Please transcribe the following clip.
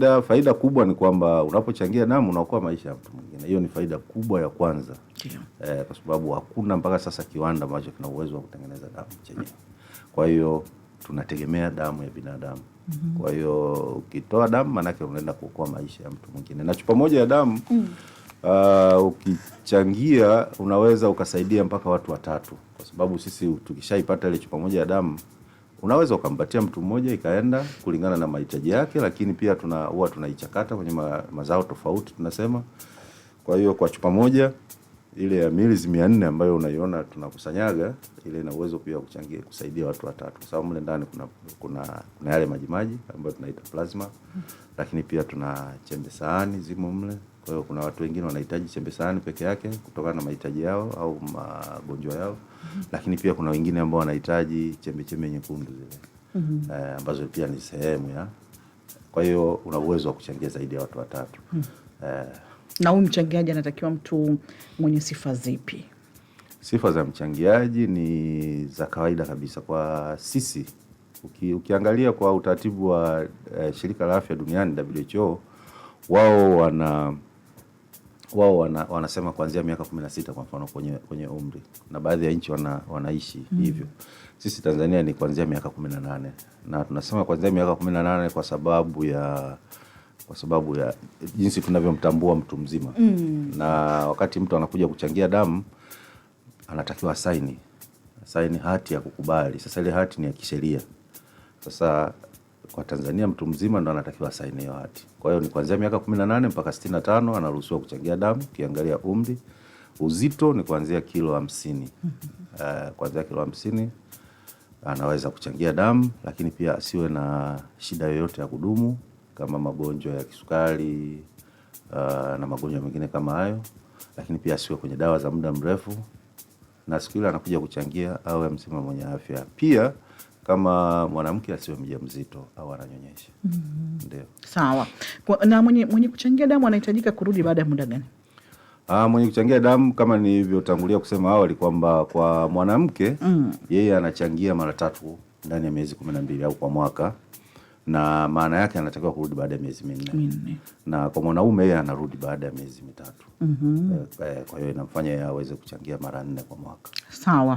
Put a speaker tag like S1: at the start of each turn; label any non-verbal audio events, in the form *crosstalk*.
S1: Da, faida kubwa ni kwamba unapochangia damu unaokoa maisha ya mtu mwingine. Hiyo ni faida kubwa ya kwanza yeah. E, kwa sababu hakuna mpaka sasa kiwanda ambacho kina uwezo wa kutengeneza damu chenyewe. Kwa hiyo tunategemea damu ya binadamu mm -hmm. Kwa hiyo ukitoa damu maanake unaenda kuokoa maisha ya mtu mwingine, na chupa moja ya damu mm. Uh, ukichangia unaweza ukasaidia mpaka watu watatu, kwa sababu sisi tukishaipata ile chupa moja ya damu Unaweza ukampatia mtu mmoja ikaenda kulingana na mahitaji yake, lakini pia tuna huwa tunaichakata kwenye ma, mazao tofauti tunasema. Kwa hiyo kwa chupa moja ile ya milizi mia nne ambayo unaiona tunakusanyaga ile ina uwezo pia kuchangia kusaidia watu watatu, kwa sababu mle ndani kuna, kuna, kuna yale majimaji ambayo tunaita plasma, lakini pia tuna chembe sahani zimo mle kwa hiyo kuna watu wengine wanahitaji chembe sahani peke yake kutokana na mahitaji yao au magonjwa yao mm -hmm. Lakini pia kuna wengine ambao wanahitaji chembe chembe nyekundu zile mm -hmm. eh, ambazo pia ni sehemu ya, kwa hiyo una uwezo wa kuchangia zaidi ya watu watatu mm
S2: -hmm. eh, na huyu mchangiaji anatakiwa mtu mwenye sifa zipi?
S1: Sifa za mchangiaji ni za kawaida kabisa kwa sisi uki, ukiangalia kwa utaratibu wa eh, shirika la afya duniani WHO wao wana wao wana, wanasema kuanzia miaka 16 kwa mfano kwenye, kwenye umri na baadhi ya nchi wana, wanaishi mm. hivyo. Sisi Tanzania ni kuanzia miaka 18 na tunasema kuanzia miaka 18 kwa sababu ya kwa sababu ya jinsi tunavyomtambua mtu mzima mm. na wakati mtu anakuja kuchangia damu anatakiwa saini saini hati ya kukubali. Sasa ile hati ni ya kisheria. Sasa kwa Tanzania mtu mzima ndo anatakiwa asaini hiyo hati. Kwa hiyo ni kuanzia miaka 18 mpaka tano anaruhusiwa kuchangia damu. Ukiangalia umri, uzito ni kuanzia kilo hamsini. Uh, *laughs* kuanzia kilo hamsini anaweza kuchangia damu, lakini pia asiwe na shida yoyote ya kudumu kama magonjwa ya kisukari uh, na magonjwa mengine kama hayo, lakini pia asiwe kwenye dawa za muda mrefu, na siku ile anakuja kuchangia awe mzima mwenye afya pia kama mwanamke asiwe mja mzito au ananyonyesha. mm -hmm.
S2: Ndio, sawa. Na mwenye, mwenye kuchangia damu anahitajika kurudi baada ya muda gani?
S1: Ah, mwenye kuchangia damu kama nilivyotangulia kusema awali kwamba kwa mwanamke mm. yeye anachangia mara tatu ndani ya miezi kumi na mbili au kwa mwaka na maana yake anatakiwa kurudi baada ya miezi minne, na kwa mwanaume yeye anarudi baada ya miezi mitatu. mm -hmm. Kwa hiyo inamfanya yeye aweze kuchangia mara nne kwa mwaka.
S2: Sawa.